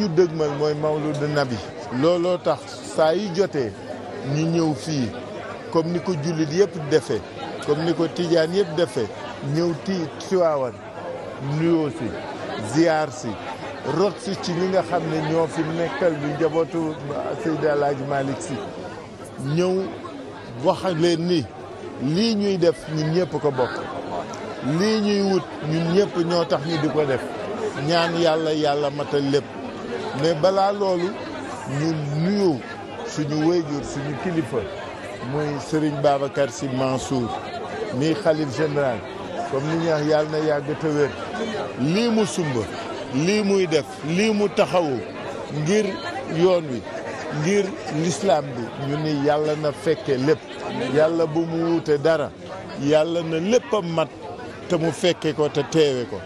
ñu dëgmal mooy mawludu nabi looloo tax saa yu jotee ñu ñëw fii comme ni ko jullit yëpp defee comme ni ko tijaan yëpp defee ñëw ti Tiwaawan nuyoo si ziyaar si rot si ci ñi nga xam ne ñoo fi nekkal bi njabootu Seydi Alaaji Malick Si ñëw wax leen ni lii ñuy def ñun ñëpp ko bokk lii ñuy wut ñun ñëpp ñoo tax ñu di ko def ñaan yàlla yàlla matal lépp mais balaa loolu ñu nuyu suñu wéyjur suñu kilifa muy Serigne Babacar Sy Mansour mii xalif général comme ni ñuy yàlla na yàgg te lii mu sumba lii muy def lii mu taxawu ngir yoon wi ngir lislaam bi ñuni yàlla na fekke lépp yàlla bu mu wuute dara yàlla na lépp a mat te mu fekke ko te teewe ko